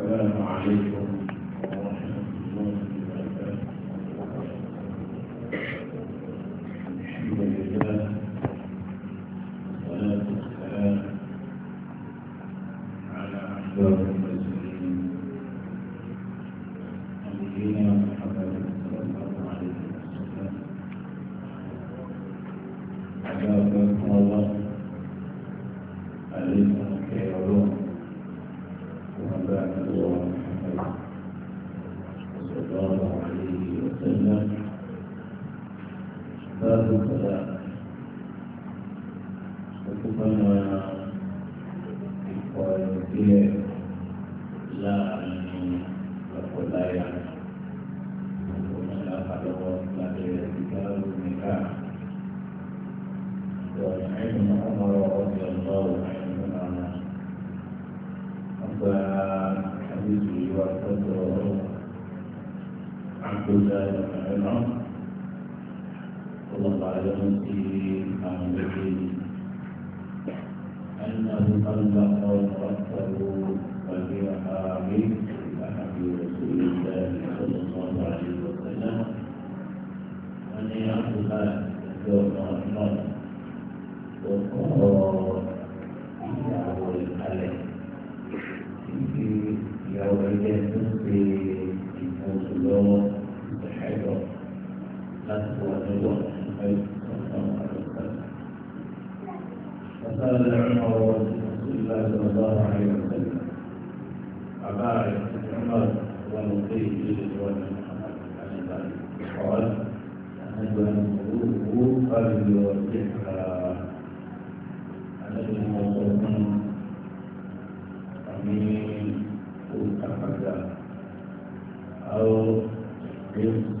嗯。الأولى وكفنا إخوانية لا أني أقول لا يعني ومن لا حلوة لا يتكال النكاح وعن عمر رضي الله عنهما أبا حديث وفتره عبد الله بن عمر وعلامته أمره أنه طلق وتركه وهي حامل رسول الله صلى الله عليه وسلم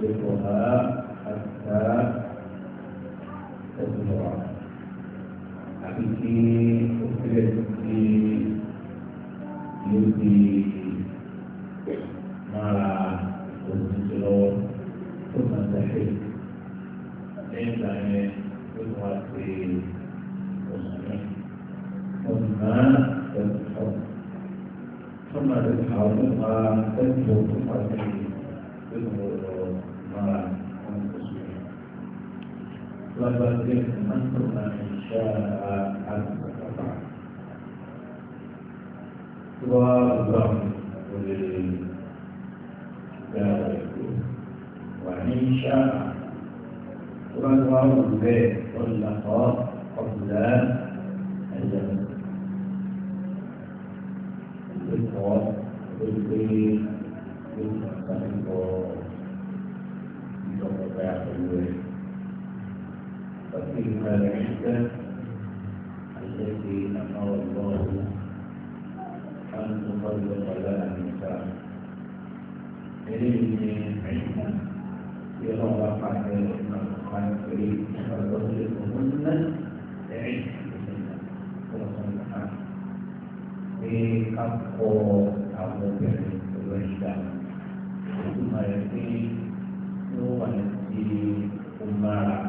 يصلحها وبذل منكم من شاء حسب قطعه وضمن ذلك وإن شاء وضعوا به طلقا قبل الجواز الصواب العزة التي أمر الله أن تطلق لها النساء إليه عزة يرى قد القرآن الكريم فتطلقهن لعزتهن في حق أبو بكر الرشدان ثم يأتي نوع الدين أمارة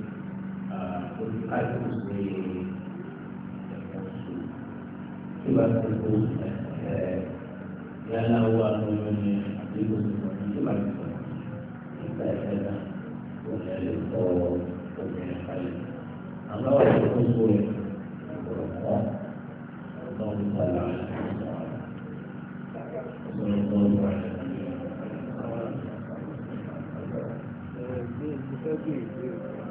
kálukú ṣe ẹ̀kọ́ sùn tí wàá ti kó ẹ̀ yálà wà lóyún ní àdúgbò sọ̀rọ̀ tí wàá ti sọ̀rọ̀ nípa ẹ̀fẹ́ náà kò ní ẹ̀lẹ́ kọ́ obìnrin kalẹ̀ àmọ́ wàá ti kó sórí ọ̀rọ̀ kọ́ ọ̀dọ́ ní sọ̀rọ̀ ọ̀dọ́ tó ń bọ̀ ẹ̀. Thank you.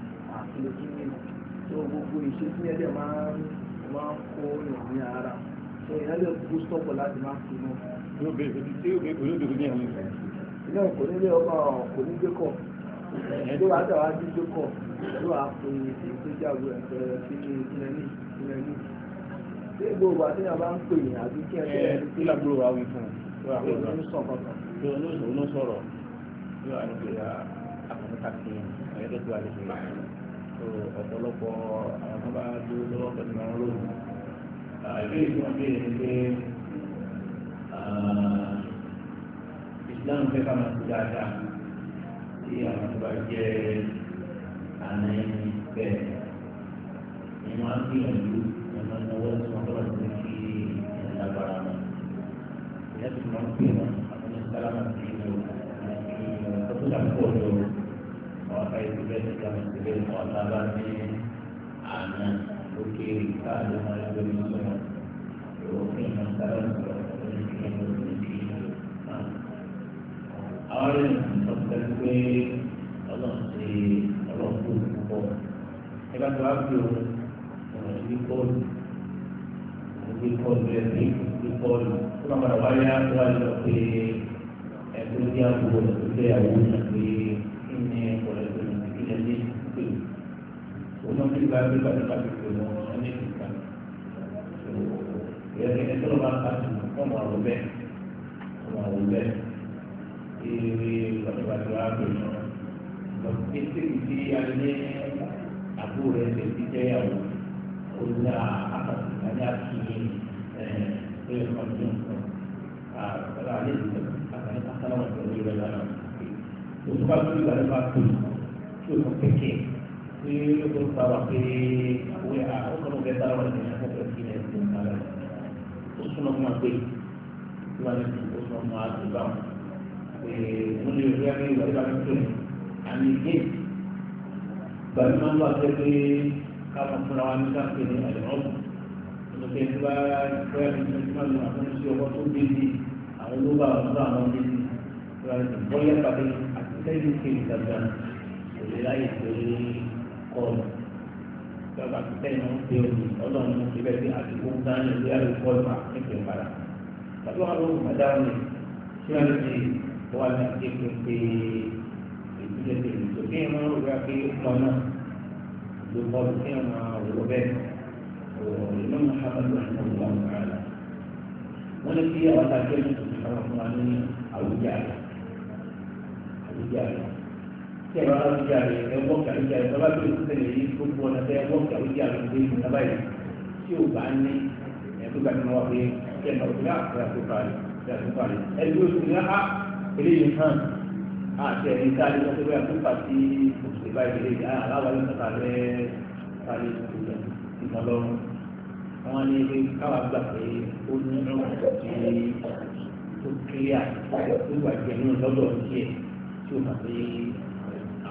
ìlòkí nínú tó gbogbo ìṣesí ẹ̀dẹ̀ máa ń máa ń kó ìrìn ní ara tó ìyálẹ̀ kú sọ́pọ̀ láti máa fi mọ́. ilé kò nílé ọba kò ní dékọ̀ ló wàá dà wá sí dékọ̀ ló wàá fún ìgbéjáwó ẹ̀fẹ̀ sí ilẹ̀ ní ilẹ̀ ní. ṣé gbogbo àti ìyàbá ń pè ní àbí kí ẹgbẹ́ ẹni tí ìlàgbọ́rọ̀ wa wí fún un. ó ọ̀pọ̀lọpọ̀ àwọn tó bá dúró lọ́wọ́ pẹ̀lú àwọn olóògùn. àìpé ìgbà bí ẹni pé ìsìláàmù fẹ́ ká máa ti dáadáa tí àwọn tó bá jẹ́ àná ẹni bẹ́ẹ̀. ìmọ̀ á gbìyànjú ìmọ̀ ìnáwó ẹ̀sùn ọ̀pọ̀lọpọ̀ ti fi ìlàgbára mọ́. ìyá ti máa ń pè àwọn ìsìláàmù àti ìlú ọ̀pọ̀lọpọ̀ àbáyé bẹ́ẹ̀ ní káwọn ti bẹ́ẹ̀ mọ́ ọ̀tá bá ní àná lókè káàdé wọn lórí ìṣòro òfin náà sára sọ̀rọ̀ lórí ìṣòro lórí ìṣòro náà. àwọn ẹ̀rọ ìṣọ̀kẹ́ pé ọlọ́run ti ọlọ́run tó ti pọ̀ ẹ bá tó wá bí o ọ̀rọ̀ ìdí bọ́ọ̀lù ìdí bọ́ọ̀lù ẹ̀mí ìdí bọ́ọ̀lù tó máa padà wáyé á tó wá lọ pé ẹ̀kọ́ ìdí bagi bagi bagi kuno ini kita. Jadi itu makan kau mau lebih, kau mau lebih. Ini bagi bagi bagi kuno. Itu isi ini aku rasa tidak ya. Punya apa? Hanya kini. Eh, itu macam. Ah, kalau ada itu, akan akan orang berdua dalam. Untuk apa kita dapat pé òwe àkókò bẹ́ẹ̀ bá wà ní àkókò kí ẹ ti ká lọ. ó súnmọ́ fún wa pé tí wàá lẹ́nu ó súnmọ́ fún wa ti bá wọn. pé mo lọ́ba ti tẹ́yìn ń pe òní ọlọ́run di ibẹ̀ tí àsìkò ń tán ní ìyá rẹ̀ kọ́ ìmọ̀ nípa ìpadà tàbí wọn lóhùn mẹ́ta wọn ni ṣé wọn ti tó wà ní àti pé pé ìdílé tèmi tó kí wọn rò wá pé wọn náà ló kọ́ ló kí wọn rò bẹ́ẹ̀ ìlú muhammadu alhamdulilayi wa ta'ala wọn ni kí àwọn àti ẹni tó ti sọ̀rọ̀ fún wa ní àwùjá àwùjá àwùjá tí ẹ bá bá lójú àrẹ ẹ wọ́n kàlú jà ẹ bá tó ṣẹlẹ̀ yìí gbogbo ọ̀nà tẹ ẹ wọ́n kàlú jà lójú ìlú nàbà yìí tí ò bá ní ẹ tó gbà nínú wa pé kí ẹ náà fúnra fúnra tó parí fúnra tó parí ẹ tó sùn ní a eléyìí hàn á ti ẹ̀ ní sáré wọ́n tó bá tó pàtí òṣèlú báyìí eléyìí á aláwọ̀ yóò tọ́ta rẹ̀ sáré ìmọ̀lọ́run wọ́n ní káwa gbà pé ó ní ọ̀rọ̀ tó kílíà tó wà jẹ́ nínú lọ́dọ̀ tiẹ̀ tí ó máa fi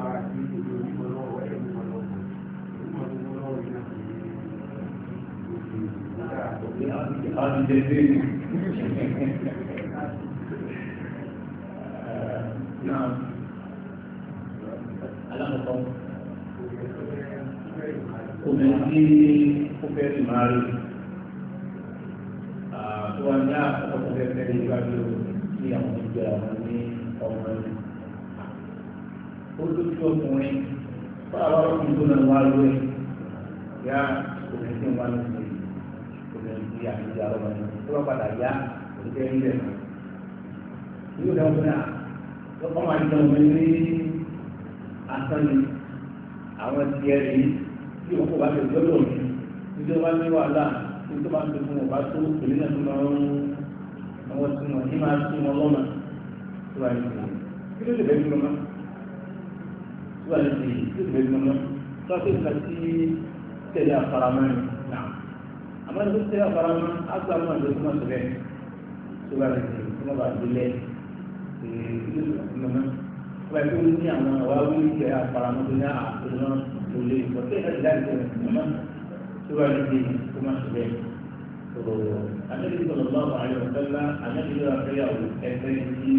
Alákọ̀ọ́, obìnrin tí ó fẹ́ sì máa rí, tó wá ní àkọ́kọ́ fẹ́ fẹ́ ní ìgbàgbé ní àwọn ìgbà ní ọmọ ẹni ó lójú ọkùnrin báwa wá lókun tó náà wá lóye yá obìnrin tí wọn wá lóye obìnrin tí àtijọ́ àwọn ọmọdé tó bá padà yá òṣìṣẹ́ ń bẹ̀ mọ́. ìlú ìdáwọ́ fún náà lọ́kọ́ máa ń jẹun mi ní asán ni àwọn tiẹ̀ rí tí òkú bá fi gbọ́dọ̀ mi nítorí wọn ní wàhálà nítorí wọn bá fi fún wọn bá tó èmi náà tó máa ń àwọn tí wọn ní máa tún wọn lọ́nà tó wà ní ìlú kí ló lè bẹ́ẹ̀ tó àyè sí tó lè gbóná tó àti ìgbà tí tẹ̀lé àfaramọ́ ni náà àmọ́ tó tẹ̀lé àfaramọ́ àgbà máa lọ sí màtò bẹ́ẹ̀ tó bá lè tẹ̀lé tó bá lè lẹ̀ tó lè gbóná tó bá yẹ kó ní àwọn àwa wí tẹ̀ àfaramọ́ tó ní àtúnná tó lè tó tẹ̀lé àti láti tẹ̀lé àmọ́ tó bá lè ní ìfẹ́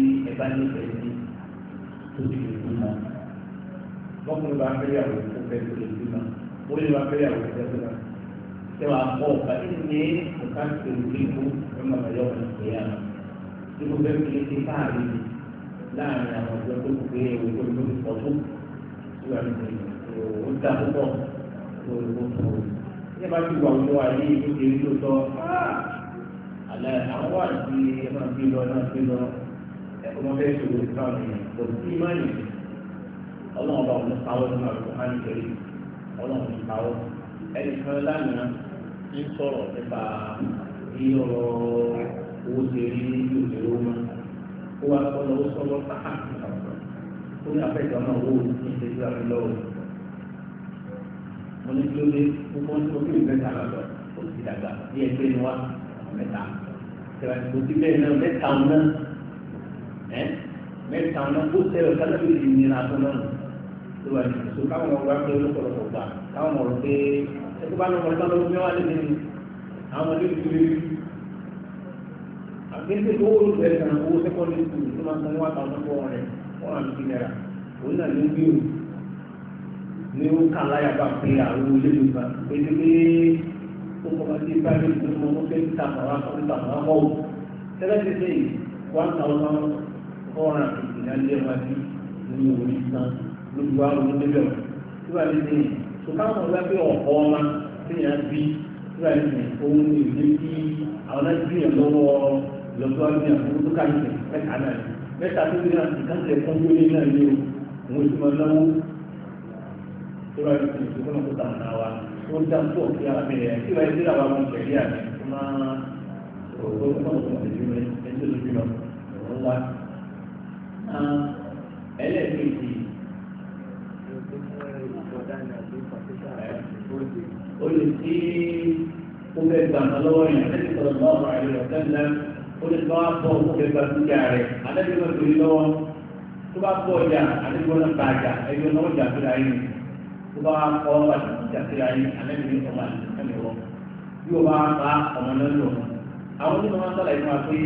sí tó ti lè gbóná bọ́kùnrin bá fẹ́yàwó kó fẹ́ tó lè bímọ orí bá fẹ́yàwó kó fẹ́ tó lè ṣe wàá kọ́ ọ̀ka kí ni ọ̀ka ti lè rí kú ẹ̀ máa yọ ọ̀ka tó yà lọ. tí mo fẹ́ fi ti káàrin láàrin àwọn ọ̀dọ́ tó kù pé ewu tó ló ti pọ̀ tó tí wàá ní o da púpọ̀ tó o tó o. ṣé bá ti wà wúlò wá ní ìlú kiri tó tọ́ àlẹ́ àwọn àti ẹ̀ máa fi lọ náà fi lọ ẹ̀ ọmọ fẹ́ ṣòro ìtàn ìyẹn kò sí ìmáyìí ọlọ́run bá wọn pawọ́ nínú àlùkòkán nítorí ọlọ́run ní pawọ́ ẹnì kan lánàá ń sọ̀rọ̀ nípa bí ọ̀rọ̀ owó ṣe rí ní òde owó mọ́ ó wá kọ́ lọ́wọ́ sọ́lọ́ sáà ó ní afẹ́jọ́ náà owó ní ìṣẹ́jú àfi lọ́wọ́ mo ní kí ló dé gbogbo ní ojú ìgbẹ́ta lọ́dọ̀ kò sí dàgbà bí ẹgbẹ́ ni wá mẹ́ta tẹ̀wájú kò bẹ́ẹ̀ náà mẹ́ta ọ̀nà mẹ́ta ọ̀nà kó tẹ̀wọ̀ kálọ̀ ìnira tó náà so káwọn ọmọ wa pé lọ́pọ̀lọpọ̀ gbà káwọn ọmọ pé ẹkú bá lọ́mọ lọ́mọ lọ́mọ mẹ́wàá lé nínú àwọn ọmọdé ti rí àgbẹ̀sẹ̀ tó wọ́n lùfẹ́ kan owó sẹ́kọ́ndì skul tó máa san one thousand four hundred one hundred fifty naira òun náà ló gbé o ní ó kà láyà bá pé àwọn olè ló bá pé ní pé ó kọ́ bá dé lójú wa lójú níbẹ̀ tí wàá lè tó káwọn ọ̀gá pé ọ̀pọ̀ ọmọ tí yẹn bí tí wàá lè ohun ní ìdí bí àwọn náà bí yẹn lọ́wọ́ lọ́tọ́ ní àbúrò tó ká ìṣẹ̀ mẹ́ta náà mẹ́ta tó ní àtìkáṣẹ̀ fún gbélé náà ní o òun ti máa náwó tí wàá lè tó kọ́nà kó tà náà wa ó dá tó ọ̀kí abẹ́rẹ́ tí wàá lè tó àwọn ọmọ ìṣẹ̀lẹ̀ àná tó máa olè tí ó fẹ́ gbà ná lọ́wọ́ yẹn àti sọ̀rọ̀ náà wà ní ọ̀sẹ̀lẹ̀ olè tó wá bọ̀ ó fẹ́ gbà dúkìá rẹ̀ àtẹ́jú náà torí lọ́wọ́ tó bá bọ̀ ọjà àtẹ́jú náà bá àjà ẹgbẹ́ náà jà síra yìí tó bá kọ́ wà jà síra yìí àtẹ́jú ní ọmọ àti ọmọ yóò bá bá ọmọ náà lọ. àwọn onímọ̀ máa ń sọ̀rọ̀ ìfún wa pé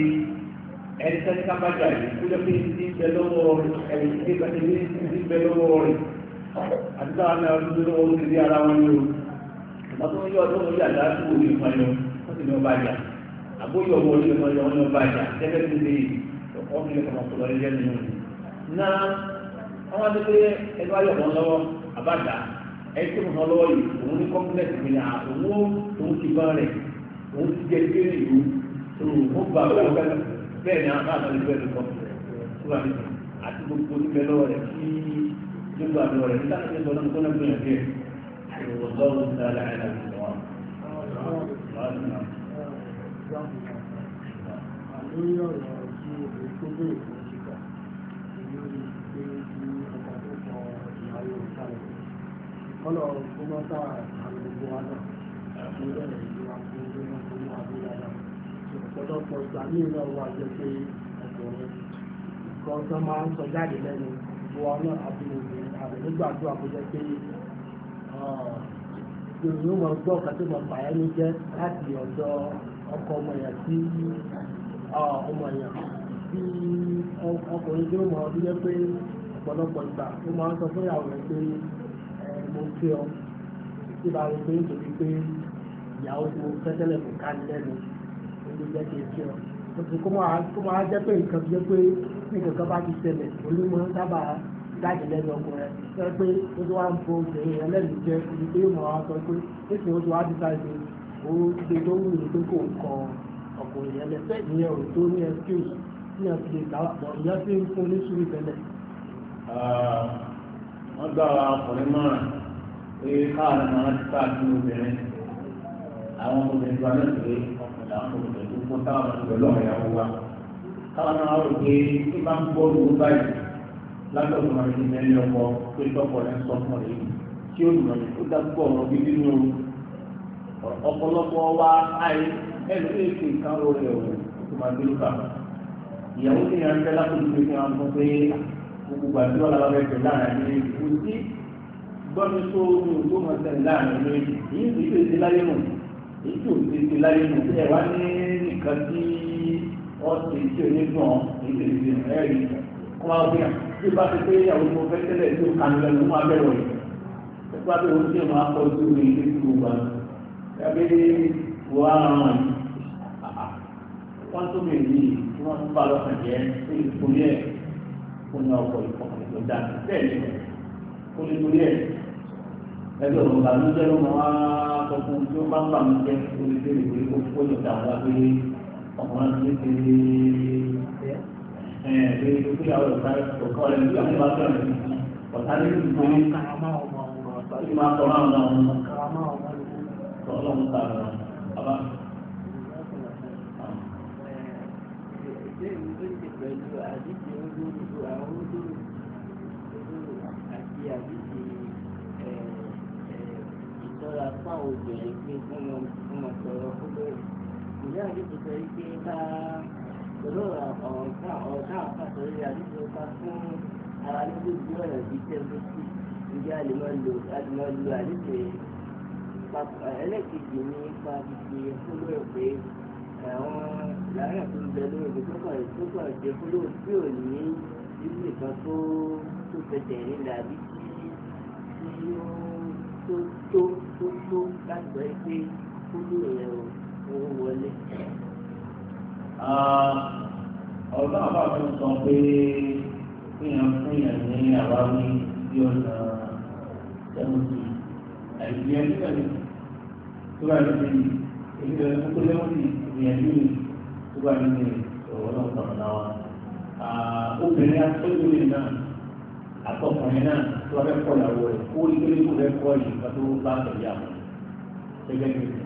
ẹni tẹ́ni ká bá jà yìí kó jẹ́ pé ti bẹ lọ́wọ́ rẹ̀ ẹni tí bẹ lọ́wọ́ rẹ̀ àti táwọn náà lọ́wọ́ wọ́n tó ń yọ ọdún orí àdá tó orí ìmọ̀ ẹ̀yọ wọ́n sì ní ọba àjà àbóyọ ọmọ orí ìmọ̀ ẹ̀yọ ní ọba àjà gẹ́gẹ́ bí ṣe ọkọ̀ ní ọkọ̀ tó lọ ilé nínú rẹ̀. na wọ́n wá pé ẹgbẹ́ ayọ̀ wọn lọ́wọ́ àbáta ẹni tó wọn lọ́wọ́ yìí òun ní kọ́mpilẹ̀tì mi náà òun òun ti bá rẹ̀ òun ti jẹ ilé ìlú òun gba bẹ́ẹ̀ ni àwọn àgbà والله تعالى على الصواب Ọlọ́run kó mọ́ sáà àwọn gbogbo wa náà, àwọn ọ̀rẹ́ ìlú àkókò náà kó mọ́ àbúrò náà. Ọ̀pọ̀lọpọ̀ ìgbà ní ìlú ọwọ́ àjẹ́ pé ọkùnrin kan tó máa ń sọ jáde lẹ́nu, gbogbo wa náà àbúrò obìnrin àbẹ̀ nígbàdúrà kó jẹ́ pé yòòyìn ó máa gbọ́ ọ̀kan tó máa fàyà ní jẹ́ láti ọ̀dọ̀ ọkọ ọmọ èèyàn sí ọmọ èèyàn sí ọkùnrin tó máa bí jẹ́ pé ọ̀pọ̀lọpọ̀ ìgbà ó máa ń sọ fún ìyàwó rẹ̀ pé mo fẹ́ ọ tí bá rí pé nítorí pé ìyàwó tí mo fẹ́ tẹ́lẹ̀ kò ká ní lẹ́nu ó ló jẹ́ kí n fẹ́ ọ. kó máa jẹ́ pé nǹkan jẹ́ pé nǹkan kan bá ti ṣẹlẹ̀ olúmọ sábà jáde lẹ́nu ọkùnrin sọ pé ó ti wá ń bo obìnrin ẹlẹ́rìí jẹ́ ibi tí yóò mọ̀ wá sọ pé nísìnyí ó ti wá dísà ṣe ó ṣe tó wù ní pé kò kọ ọkùnrin yẹn lẹ fẹ́ ìyẹn ò tó ní excuse ní ọ̀sẹ̀ lè gbà bọ̀ ìyẹn fi ń fún ní sùúrù tẹ́lẹ̀. Ah, wọ́n gbà wá ọkùnrin mọ́ràn pé káàrin máa ti ká sí obìnrin àwọn obìnrin gba náà pé ọkùnrin àwọn tó kọ́ táwọn ọ̀dọ́ ìyàwó wa káwọn náà rò pé kí látọ̀dọ̀ máa fi mẹ́rin ọkọ pé tọkọ rẹ̀ ń sọ fún rẹ̀ yìí tí ó dùn ọ̀yìn ó dá púpọ̀ ọ̀rọ̀ gidi nù ọ̀pọ̀lọpọ̀ wa àì ẹnu lè fi nǹkan ro rẹ̀ o tó máa dúró kà ìyàwó ti yàn fẹ́ látọ̀dọ̀ pé kí wọ́n mọ̀ pé gbogbo gbàdúrà làwọn fẹ́ fẹ́ láàrin ní kò sí gbọ́dọ̀ tó ní òjò máa tẹ̀lé láàrin ní èyí tí ti láyé nù èyí tí ti ti láyé nù ẹ̀ wá ní nìkan tí ọ̀sẹ̀ bí bá ti pé ìyàwó mo fẹ́ tẹ́lẹ̀ tó kanu lẹ́nu máa bẹ̀rọ̀ yìí nípa pé o ti máa kọ ojú mi ní ìlú wa yàgbé wo ara wọn yìí wọ́n tó mi rí i wọ́n tó bá lọ́kàn jẹ́ sí ìfúnni ẹ̀ fún ní ọkọ̀ ìfọkànlẹ̀ tó bẹ́ẹ̀ ni ó ní torí ẹ̀ ẹgbẹ́ òun bá ló jẹ́ ló mọ́ wá fún tí ó bá ń bà mí jẹ́ orí lórí tó kíyàwó obìnrin pé kí wọ́n sọ̀rọ̀ fún bẹ́ẹ̀. Ìyá àdìsí sọ pé ká pẹ̀lú ọ̀rọ̀ ká ọ̀rọ̀ ká àpàtọ̀ rí àdúgbò ká fún ara ní gbogbo ọ̀nà bíi tẹ́lifí ìdí àlùmọ́lò àlùmọ́lò àdúgbò ẹlẹ́kejì ní ipa fífi fúlọ̀ pé àwọn làárẹ̀ tó ń bẹ lóògùn tó kàn tó kàn ṣe fúlọ̀ tí ò ní irú nǹkan tó tó fẹsẹ̀ nílẹ̀ àbí tí tí ó tó tó tó tó láti sọ pé fúlọ̀ yẹn ò wọlé. Ah, ọ̀rọ̀ náà bá mi sọ pé fíyàn fíyàn ní àbáwí bí ọ̀nà sẹ́wọ̀ntì àìsíyàn nígbà tí tó bá mi ti èyí lọ sí kólé wọ́n ti ìyẹn ní tó bá mi ti ọ̀rọ̀ náà sọ̀rọ̀ náà wá. Ah, obìnrin akéwìrì náà àtọkùnrin náà tó bá fẹ́ kọ́ ìyàwó rẹ̀ kó ilé rẹ̀ kọ́ ìyàwó tó bá tẹ̀lé àwọn gẹ́gẹ́ bí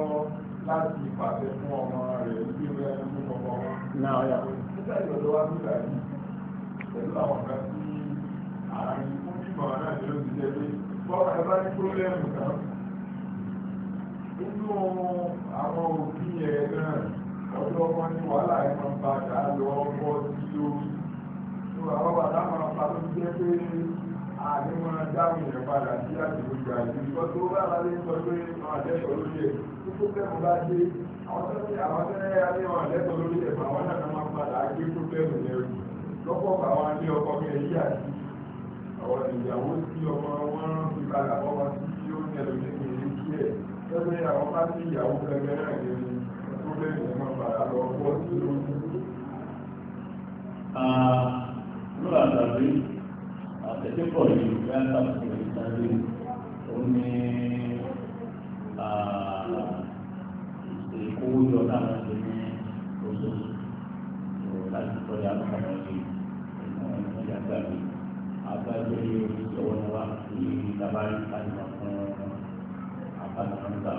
láti pàṣẹ fún ọmọ rẹ̀ bí ó yẹ fún ọmọ wọn. Náà ọ̀yà. Nígbà ìrọ̀lọ́ wa nígbà yìí, pẹ̀lú àwọn kan tí àárín fún bímọ náà ló ti jẹ́ pé bọ́ọ̀lù ẹ bá ní pírọ́lẹ́mù kan. Inú àwọn òbí ẹ̀ náà, ọjọ́ wọn ní wàhálà ẹ̀ máa ń bàjá lọ ọkọ̀ sí lórí. Àwọn bàtà máa ń pa tó jẹ́ pé àdéhùn adáhùn yẹn padà sí àdìgbò ìgbà yìí sọ tó bá wà lé sọ pé àwọn àdẹ́sọ̀ lórí ẹ̀ tó tó fẹ́ràn bá dé àwọn tó ní àwọn tó náírà ní àwọn àdẹ́sọ̀ lórí ẹ̀ fún àwọn náà máa padà gbé tó fẹ́ràn yẹn rù lọ́pọ̀ àwọn ilé ọkọ mi èyí àti àwọn ìyàwó tí ọmọ wọn fi padà bọ́ wọn sí tí ó ní ẹlòmíì ní kí ẹ̀ lẹ́gbẹ̀ẹ́ àwọn bá sí ìyàwó kẹgbẹ́ náà yẹn ni tó fẹ́ràn yẹn máa tí kò ní gbàgbà kò ní sáré ó ní èkó yọ láwọn ṣe ní oṣooṣù láti tọ́jú àwọn ọmọ yìí nínú ìpínlẹ̀ àgbàdo àgbàdo yìí oníṣòwò ni wà ní ìdábàárí àyùmọ̀ fún àbájáńtà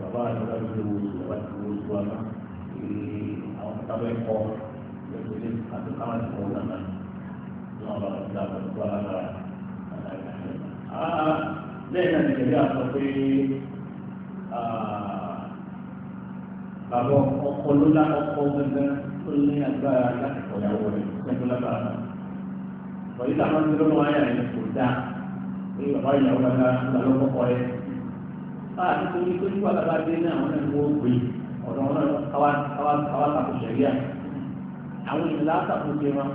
bàbá àyùmọ̀ tó wù ú wà ní oṣù àwọn tábẹ́ kọ́ lẹ́gbẹ̀ẹ́ àti káwọn ìfowópamọ́ ọba ìgbà pẹ̀lú alágbára lẹ́yìn náà nìkẹ́lẹ́ àsọ pé bàbá ọkọ ló lá ọkọ gẹ́gẹ́ tó ní agbára láti kọ̀yàwó rẹ̀ sẹ́kọ̀ọ́ lágbára náà bọ̀dí táwọn ń dúró wáyà rẹ̀ kò dáa pé bàbá ìyàwó bàbá ìgbà ló kọ́kọ́ rẹ̀ bá a ti tó ní pé nígbà bàbá dé náà wọn náà wọ́n pè ọ̀dọ̀ wọn náà káwá káwá káwá tàkùn sẹ̀ríà àwọn ìlà tàkùn jẹ wọn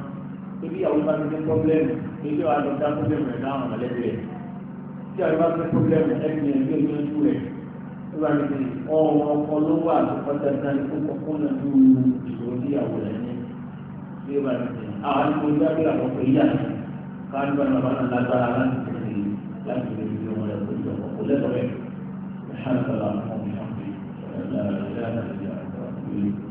torí àwọn bá ti ní pọ́blẹ́mù ilé wa lọ dá pọ́blẹ́mù rẹ̀ láwọn mọ̀lẹ́bí rẹ̀ tí àwọn bá ti ní pọ́blẹ́mù ẹ̀sìn ẹ̀gbẹ́ ní ojú rẹ̀ tó bá ti di ọ̀rọ̀ ọkọ ló wà lọ́kọ́ dandan ní kókó kó nà ju ìṣòro tí ìyàwó rẹ̀ ní tí ó bá ti di àwọn àti ojú àti àkọ́kọ́